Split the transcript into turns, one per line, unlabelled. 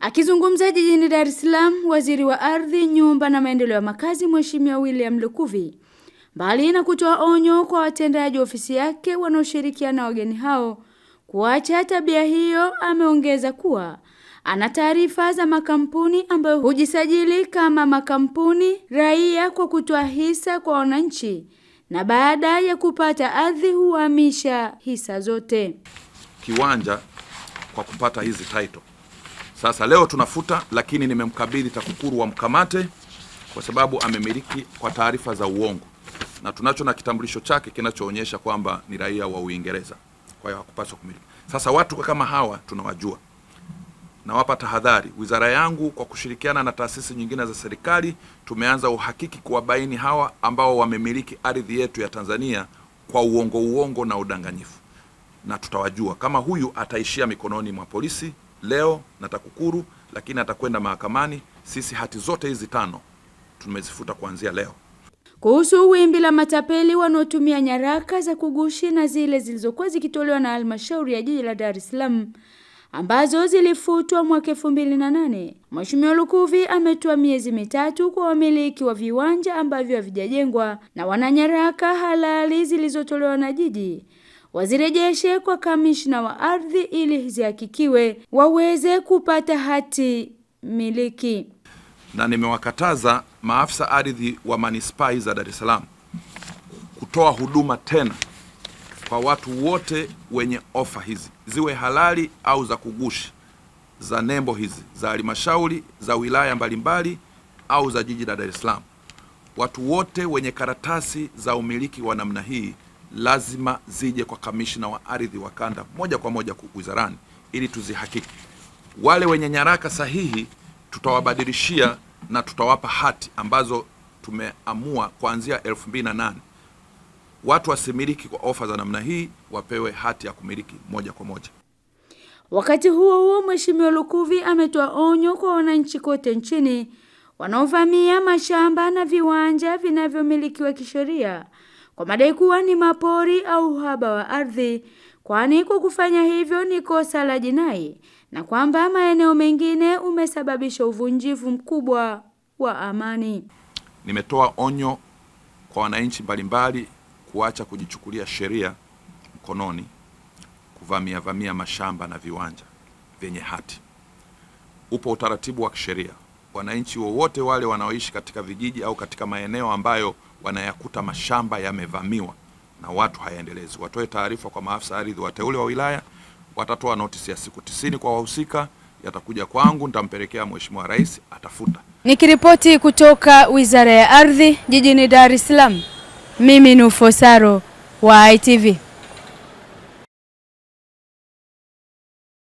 Akizungumza jijini Dar es Salaam, waziri wa ardhi, nyumba na maendeleo ya makazi Mheshimiwa William Lukuvi, mbali na kutoa onyo kwa watendaji wa ofisi yake wanaoshirikiana na wageni hao kuacha tabia hiyo, ameongeza kuwa ana taarifa za makampuni ambayo hujisajili kama makampuni raia kwa kutoa hisa kwa wananchi na baada ya kupata ardhi huhamisha hisa zote.
Kiwanja kwa kupata hizi title sasa leo tunafuta, lakini nimemkabidhi TAKUKURU wamkamate kwa sababu amemiliki kwa taarifa za uongo, na tunacho na kitambulisho chake kinachoonyesha kwamba ni raia wa Uingereza, kwa hiyo hakupaswa kumiliki. Sasa watu kama hawa tunawajua, nawapa tahadhari. Wizara yangu kwa kushirikiana na taasisi nyingine za serikali tumeanza uhakiki kuwabaini hawa ambao wamemiliki ardhi yetu ya Tanzania kwa uongo uongo na udanganyifu, na tutawajua. Kama huyu ataishia mikononi mwa polisi leo na TAKUKURU, lakini atakwenda mahakamani. Sisi hati zote hizi tano tumezifuta kuanzia leo.
Kuhusu wimbi la matapeli wanaotumia nyaraka za kugushi na zile zilizokuwa zikitolewa na halmashauri ya jiji la Dar es Salaam ambazo zilifutwa mwaka elfu mbili na nane, Mheshimiwa Lukuvi ametoa miezi mitatu kwa wamiliki wa viwanja ambavyo havijajengwa na wananyaraka halali zilizotolewa na jiji wazirejeshe kwa kamishna wa ardhi ili zihakikiwe waweze kupata hati miliki.
Na nimewakataza maafisa ardhi wa manispaa za Dar es Salaam kutoa huduma tena kwa watu wote wenye ofa hizi, ziwe halali au za kugushi, za nembo hizi za halmashauri za wilaya mbalimbali au za jiji la Dar es Salaam. Watu wote wenye karatasi za umiliki wa namna hii lazima zije kwa kamishna wa ardhi wa kanda moja kwa moja wizarani, ili tuzihakiki. Wale wenye nyaraka sahihi tutawabadilishia na tutawapa hati ambazo tumeamua kuanzia 2008 watu wasimiliki kwa ofa za namna hii, wapewe hati ya kumiliki moja kwa moja.
Wakati huo huo, Mheshimiwa Lukuvi ametoa onyo kwa wananchi kote nchini wanaovamia mashamba na viwanja vinavyomilikiwa kisheria kwa madai kuwa ni mapori au uhaba wa ardhi, kwani kwa kufanya hivyo ni kosa la jinai na kwamba maeneo mengine umesababisha uvunjivu mkubwa wa amani.
Nimetoa onyo kwa wananchi mbalimbali kuacha kujichukulia sheria mkononi, kuvamia vamia mashamba na viwanja vyenye hati. Upo utaratibu wa kisheria wananchi wowote wale wanaoishi katika vijiji au katika maeneo ambayo wanayakuta mashamba yamevamiwa na watu hayaendelezi, watoe taarifa kwa maafisa ardhi wateule wa wilaya. Watatoa notisi ya siku tisini kwa wahusika, yatakuja kwangu, nitampelekea Mheshimiwa Rais atafuta.
Nikiripoti kutoka Wizara ya Ardhi jijini Dar es Salaam, mimi ni Ufosaro wa ITV.